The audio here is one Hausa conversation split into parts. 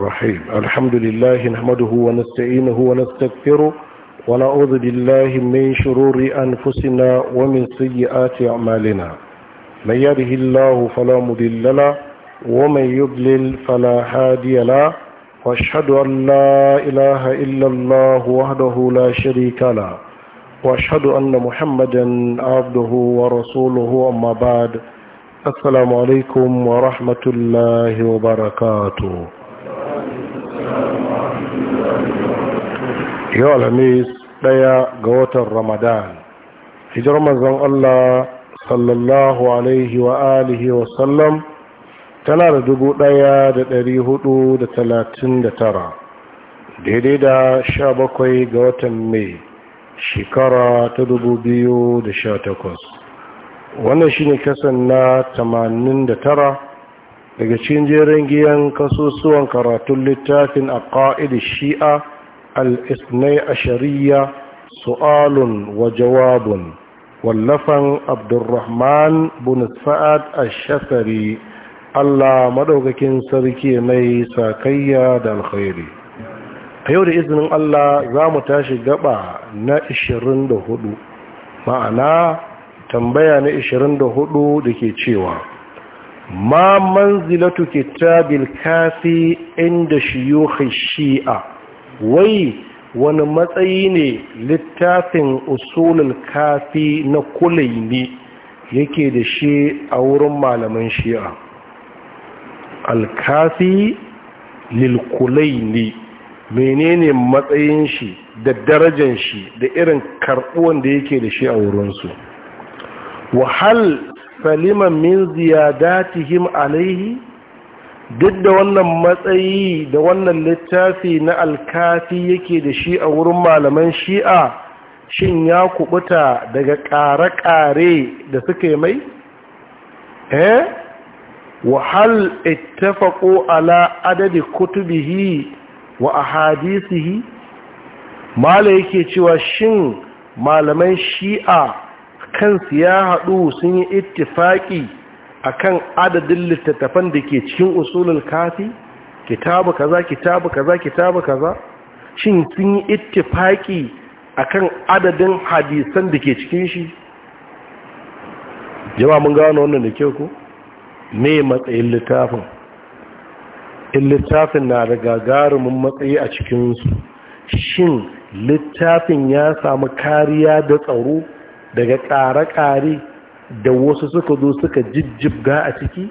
الرحيم الحمد لله نحمده ونستعينه ونستغفره ونعوذ بالله من شرور أنفسنا ومن سيئات أعمالنا من يده الله فلا مضل له ومن يضلل فلا هادي له واشهد أن لا إله إلا الله وحده لا شريك له واشهد أن محمدا عبده ورسوله أما بعد السلام عليكم ورحمة الله وبركاته yau alhamis ɗaya ga watan ramadan hijirar manzon allah sallallahu alaihi wa alihi wa sallam tana da dubu ɗaya da ɗari hudu da talatin da tara daidai da sha bakwai ga watan mai shekara ta dubu biyu da sha takwas wannan shine kasan na tamanin da tara daga cikin jerin giyan kasusuwan karatun littafin a ƙa'idar shi'a الاثني عشرية wa وجواب wallafan abdurrahman bin sa'ad ash-shafari Allah madaukakin sarki mai sakayya da alkhairi a yau da izinin Allah za mu tashi gaba na 24 ma'ana tambaya na 24 da ke cewa ma manzilatu kitabil kafi inda shiyukhi shi'a wai wani matsayi ne littafin usulul kafi na kulaini yake da shi a wurin malaman shi'a alkafi lilkulaini menene matsayin shi da darajan shi da irin karbuwan da yake da shi a wurinsu wahal salima min ziyadatihim alaihi duk da wannan matsayi da wannan littafi na alkafi yake da shi a wurin malaman shi'a shin ya kubuta daga ƙare-ƙare da suka mai? eh wahal ittafaqu ala adadi kutubihi wa ahadisihi mala yake cewa shin malaman shi'a kansu ya haɗu sun yi ittifaƙi akan adadin littattafan da ke cikin usulul kafi kitabu kaza kitabu kaza kitabu kaza shin sun yi ittifaki akan adadin hadisan da ke cikin shi jama'a mun gano wannan da kyau ko me matsayin littafin in littafin na da gagarumin matsayi a cikinsu shin littafin ya samu kariya da tsaro daga ƙare-ƙare da wasu suka zo suka jijjibga a ciki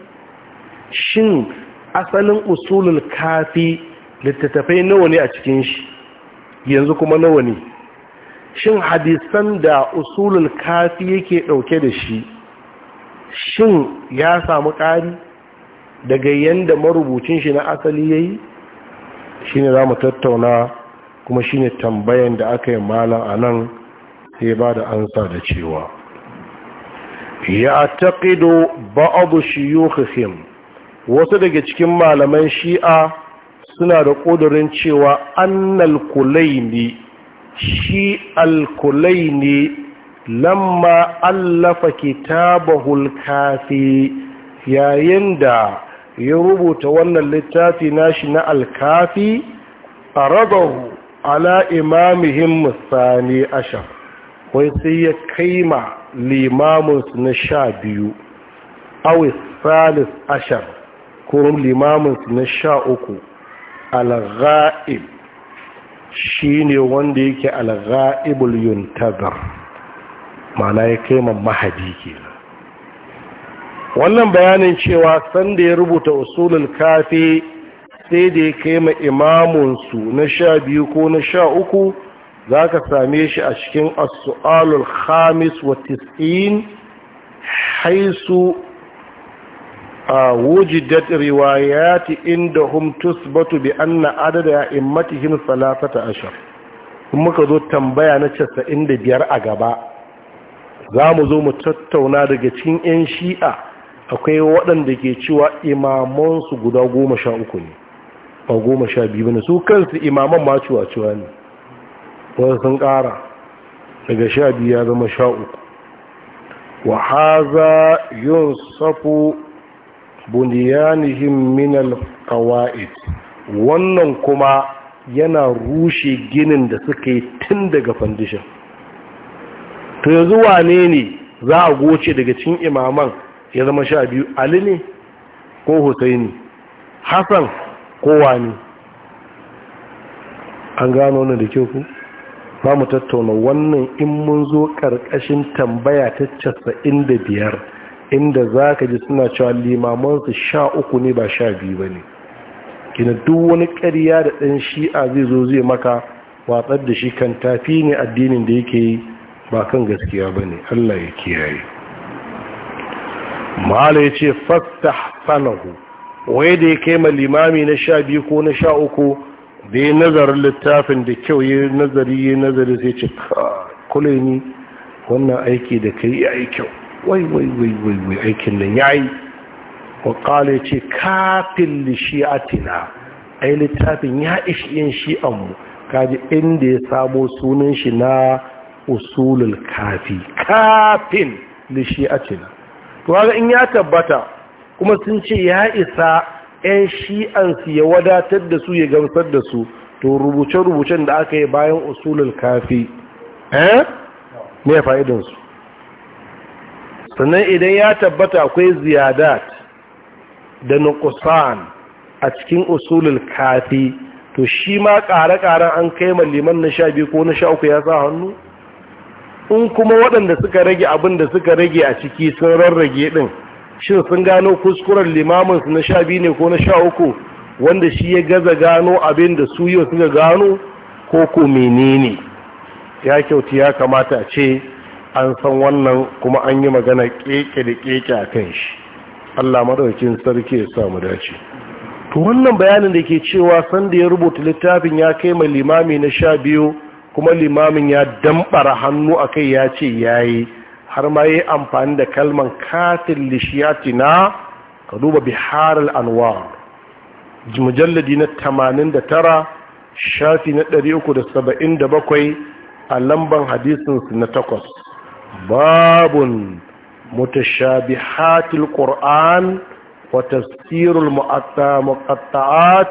shin asalin usulul kafi littattafai nawa ne a cikin shi yanzu kuma nawa ne shin hadisan da usulul kafi yake dauke da shi shin ya samu ƙari daga yanda marubucin shi na asali ya yi? Shi ne za mu tattauna kuma shi ne tambayan da aka yi malam a nan sai ba da ansa da cewa ya taƙido ba'adu shiyukhihim wasu daga cikin malaman shi'a suna da ƙudurin cewa annal kulaini shi alkulaini lamma allafa kitabahul kafi yayin da ya rubuta wannan littafi nashi na alkafi a rabahu ala imamihim musani ashar wai sai ya kaima limaminsu na sha biyu awis salis ashar ko limaminsu na sha uku al shi ne wanda yake al yuntazar mana ya kai mahadi ke. wannan bayanin cewa sanda ya rubuta usulul kafi sai da ya kai ma imamunsu na sha biyu ko na sha uku za ka same shi a cikin as-su'alul khamis wa tis'in haisu a wujidat inda hum tusbatu bi anna adada immatihim salasata ashar kun muka zo tambaya na 95 a gaba za mu zo mu tattauna daga cikin 'yan shi'a akwai waɗanda ke cewa imamansu guda goma ne ba goma ne su kansu imaman ma cewa cewa ne wani sun ƙara daga sha biyu ya zama sha uku wa haza yun safu bunyanihim minal kawa'id wannan kuma yana rushe ginin da suka yi tun daga fandishin to yanzu wane ne za a goce daga cin imaman ya zama sha biyu ali ne ko husaini hassan ko ne? an gano wani da kyau ku za mu tattauna wannan in mun zo ƙarƙashin tambaya ta casa'in da biyar inda za ka ji suna cewa su sha uku ne ba sha biyu ba ne gina duk wani ƙarya da ɗan shi'a zai zo zai maka watsar da shi kan tafi ne addinin da yake yi ba kan gaskiya ba ne allah ya kiyaye mala ya ce fasta sanahu wai da ya kai ma limami na sha biyu ko na sha uku da yi nazarin littafin da kyau ya nazari ya nazari sai ce kula ni wannan aiki da kai ya yi kyau wai wai wai wai wai aikin nan ya yi wa ce kafin da shi a a yi littafin ya ishi yin mu kaji inda ya samo sunan shi na usulul kafi kafin da to a in ya tabbata kuma sun ce ya isa 'yan shi'ansu ya wadatar da su ya gamsar da su to rubuce-rubucen da aka yi bayan usulul kafi eh ne fa'idansu sannan idan ya tabbata akwai ziyadat da nukusan a cikin usulul kafi to shi ma ƙare-ƙaren an kai liman na sha biyu ko na sha uku ya sa hannu in kuma waɗanda suka rage abin da suka rage a ciki sun rarrage ɗin shin sun gano kuskuren limamin su na sha biyu ne ko na sha uku wanda shi ya gaza gano abin da su yau suka gano ko ko menene ya kyauti ya kamata a ce an san wannan kuma an yi magana keke da keke a kan shi Allah madaukakin sarki ya samu dace to wannan bayanin da ke cewa sanda ya rubuta littafin ya kai mai limami na sha biyu kuma limamin ya dambara hannu a kai ya ce ya yi. har ma yi amfani da kalman katin lishiyati na ka duba bihar al'anwar mujalladi na 89 shafi na 377 a lamban hadisinsu na takwas babun mutashabihatil ƙur'an wa tafsirul muqatta'at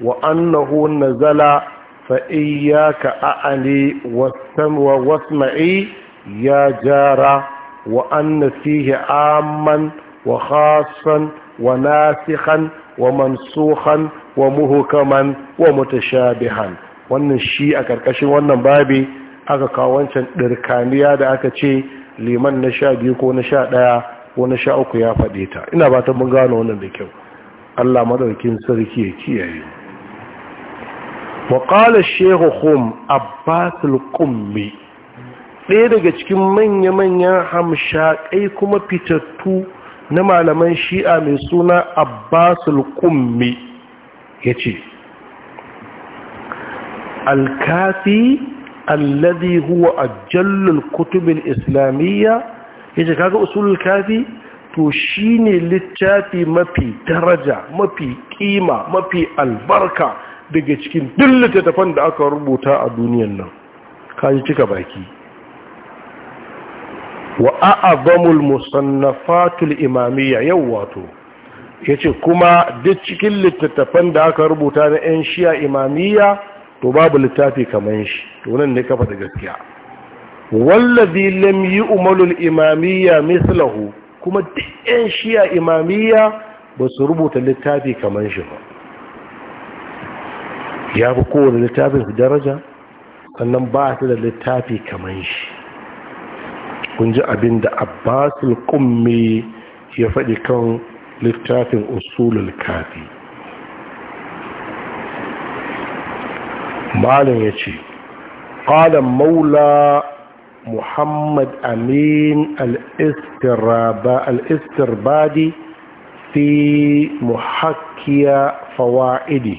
wa annahu nazala fa iyyaka a'ani wasma'i ya jara wa anna fihi amman wa khasan wa nasikhan wa mansukhan wa muhukaman wa mutashabihan wannan shi a karkashin wannan babi aka kawo wancan dirkaniya da aka ce liman na sha biyu ko na sha ɗaya ko na sha uku ya faɗe ta ina ba ta mun gano wannan da kyau Allah madaukin sarki ya kiyaye wa qala shaykh hum abbas qummi ɗaya daga cikin manya-manyan hamshaƙai kuma fitattu na malaman shi'a mai suna abbasul kummi ya ce alkafi alladhi huwa ajallul kutubin islamiyya ya ce kaga usulul kafi to shine littafi mafi daraja mafi kima mafi albarka daga cikin dillata littattafan da aka rubuta a duniyan nan kaji cika baki wa a'azamul musannafatul imamiyya yau wato yace kuma duk cikin littattafan da aka rubuta na 'yan shi'a imamiyya to babu littafi kamar shi to nan ne kafa da gaskiya wallazi lam yu'malul imamiyya mislahu kuma duk 'yan shi'a imamiyya ba su rubuta littafi kaman shi ba ya fi kowane littafin su daraja sannan ba su da littafi kaman shi kun ji abin da abbasul ƙummi ya faɗi kan littafin usulul kafi malin ya ce ƙalan maula muhammad amin al-istirbadi fi muhakkiya fawa'idi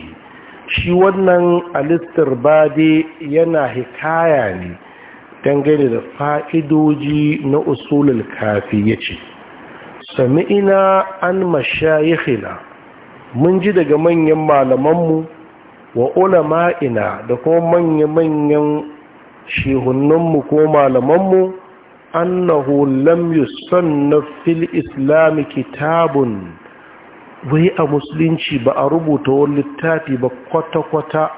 shi wannan alistirbadi yana hikaya ne dangane da fa'idoji na usulul kafi ya ce sami'ina an mashayikhina mun ji daga manyan malamanmu wa ulama'ina da kuma manya-manyan shehunninmu ko malamanmu annahu lam na fil islami kitabun wai a musulunci ba a rubuta wani littafi ba kwata-kwata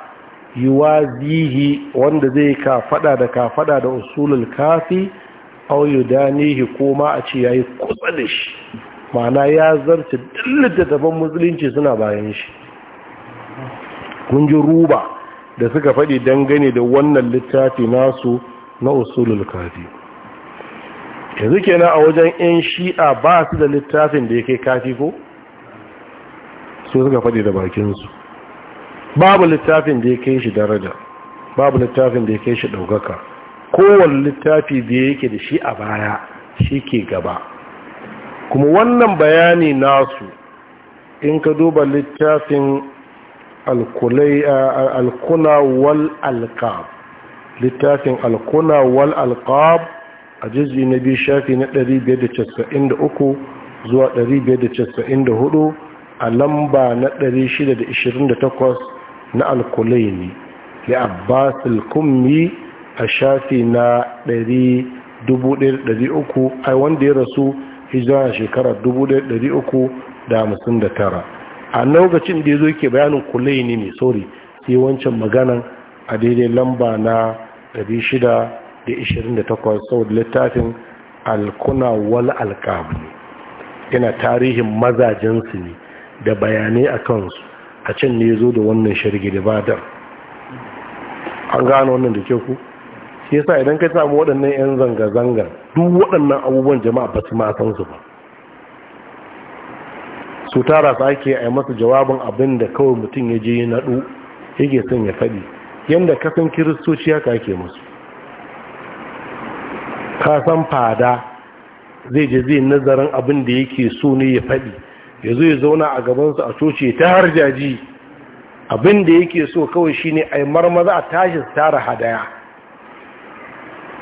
yuwazihi wanda zai ka fada da ka fada da usulul kafi aw yudanihi ko a ce yayi kusa da shi ma'ana ya zarta dillin da daban musulunci suna bayan shi kun ji ruba da suka faɗi dangane da wannan littafi nasu na usulul kafi yanzu kenan a wajen 'yan shi'a ba su da littafin da ya kai kafi ko su suka faɗi da bakinsu babu littafin da ya kai shi daraja babu littafin da ya kai shi ɗaukaka kowane littafi da yake da shi a baya shi ke gaba kuma wannan bayani nasu in ka duba littafin alkuna wal alkab littafin alkuna wal alkab a jizgi na biyu shafi na 593 zuwa 594 a lamba na 628 na alkulaini da abbas kummi a shafi na 1300 ai wanda ya rasu hijira shekarar 1359 a lokacin da ya zo ke bayanin kulaini ne sori sai wancan maganan a daidai lamba na 628 saboda littafin alkuna wal alkabu ne yana tarihin mazajensu ne da bayanai a kansu a can ne ya zo da wannan shirgi da badar an gano wannan da ke ku shi yasa idan ka samu waɗannan 'yan zanga-zangar duk waɗannan abubuwan jama'a ba su ma san su ba su tara su ake a masa jawabin abin da kawai mutum ya je ya naɗu yake son ya faɗi yadda ka san kiristoci haka ake musu ka san fada zai je zai nazarin abin da yake so ne ya faɗi ya zo ya zauna a gabansu a coci ta harjaji abin da yake so kawai shine a yi marmaza a tashi tara hadaya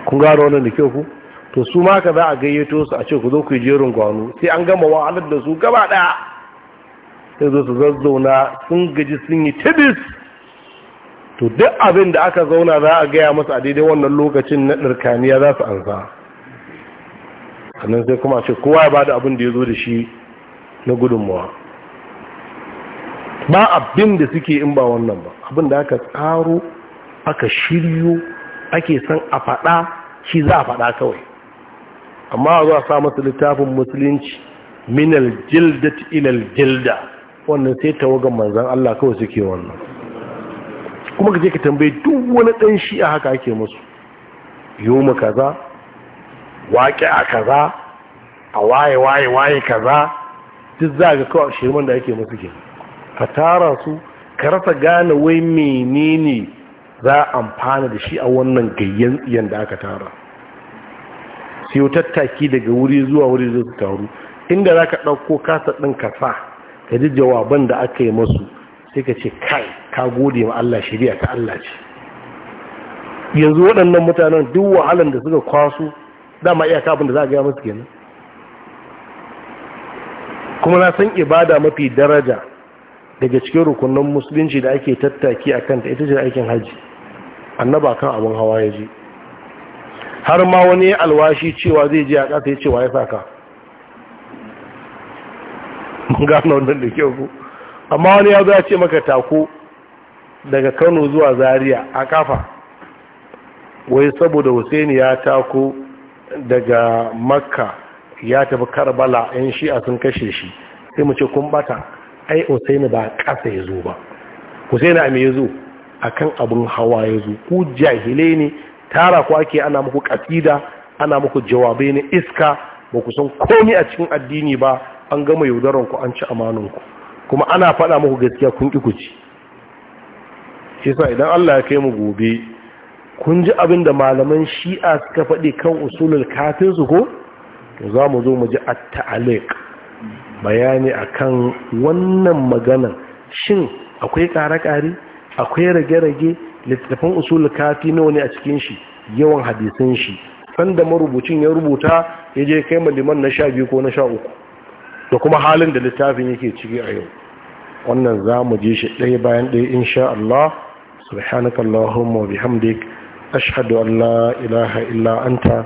kun gano wannan da kyau ku to su ma ka za a gayyato su a ce ku zo ku yi jerin gwanu sai an gama wahalar da su gaba ɗaya sai zo su zazzauna sun gaji sun yi tibis to duk abin da aka zauna za a gaya masa a daidai wannan lokacin na ɗarkaniya za su ansa sannan sai kuma ce kowa ya ba abin da ya zo da shi na gudunmawa ba abin da suke in ba wannan ba abin da aka tsaro aka shiryo ake san a faɗa shi za a faɗa kawai amma za a sa masu littafin musulunci minal jildat ilal jilda wannan sai tawagan manzan Allah kawai suke wannan kuma ka je ka tambaye duk wani ɗan shi a haka ake musu yoma kaza waƙe a kaza a waye waye waye kaza duk za ga kawai shirman da ake masu ke ka tara su ka rasa gane wai menene za a amfana da shi a wannan gayyan tsiyan da aka tara siyo tattaki daga wuri zuwa wuri zai su taru inda za ka ɗauko kasa ɗin kasa sa ka ji jawaban da aka yi masu sai ka ce kai ka gode ma Allah shirya ta Allah ce yanzu waɗannan mutanen duk wahalan da suka kwaso dama iyaka abin da za a gaya masu kenan kuma na san ibada mafi daraja daga cikin rukunan musulunci da ake tattaki a kanta ita ce aikin hajji annaba kan abin hawa ya ji. har ma wani alwashi cewa zai ji a ƙasa ya cewa ya saka mun gano wannan da kyau ku amma wani ya zai ce maka tako daga kano zuwa zaria a kafa wai saboda Hussaini ya tako daga makka ya tafi karbala yan shi'a sun kashe shi sai mu ce kun bata ai usaini ba kasa ya zo ba usaini a me ya zo a kan abin hawa ya zo ku jahile ne tara ku ake ana muku kasida ana muku jawabai na iska ba ku san komai a cikin addini ba an gama yaudaran ku an ci amanan ku kuma ana faɗa muku gaskiya kun ki ku idan Allah ya kai mu gobe kun ji abin da malaman shi'a suka faɗi kan usulul kafin su ko to za mu zo mu ji at-ta'aliq bayani kan wannan maganan shin akwai ƙare akwai rage-rage littattafan usul kafi nawa ne a cikin shi yawan hadisan shi sanda marubucin ya rubuta ya je kai maliman na sha biyu ko na sha uku da kuma halin da littafin yake ciki a yau wannan za mu je shi ɗaya bayan ɗaya insha Allah subhanakallahumma wa bihamdik ashhadu an la ilaha illa anta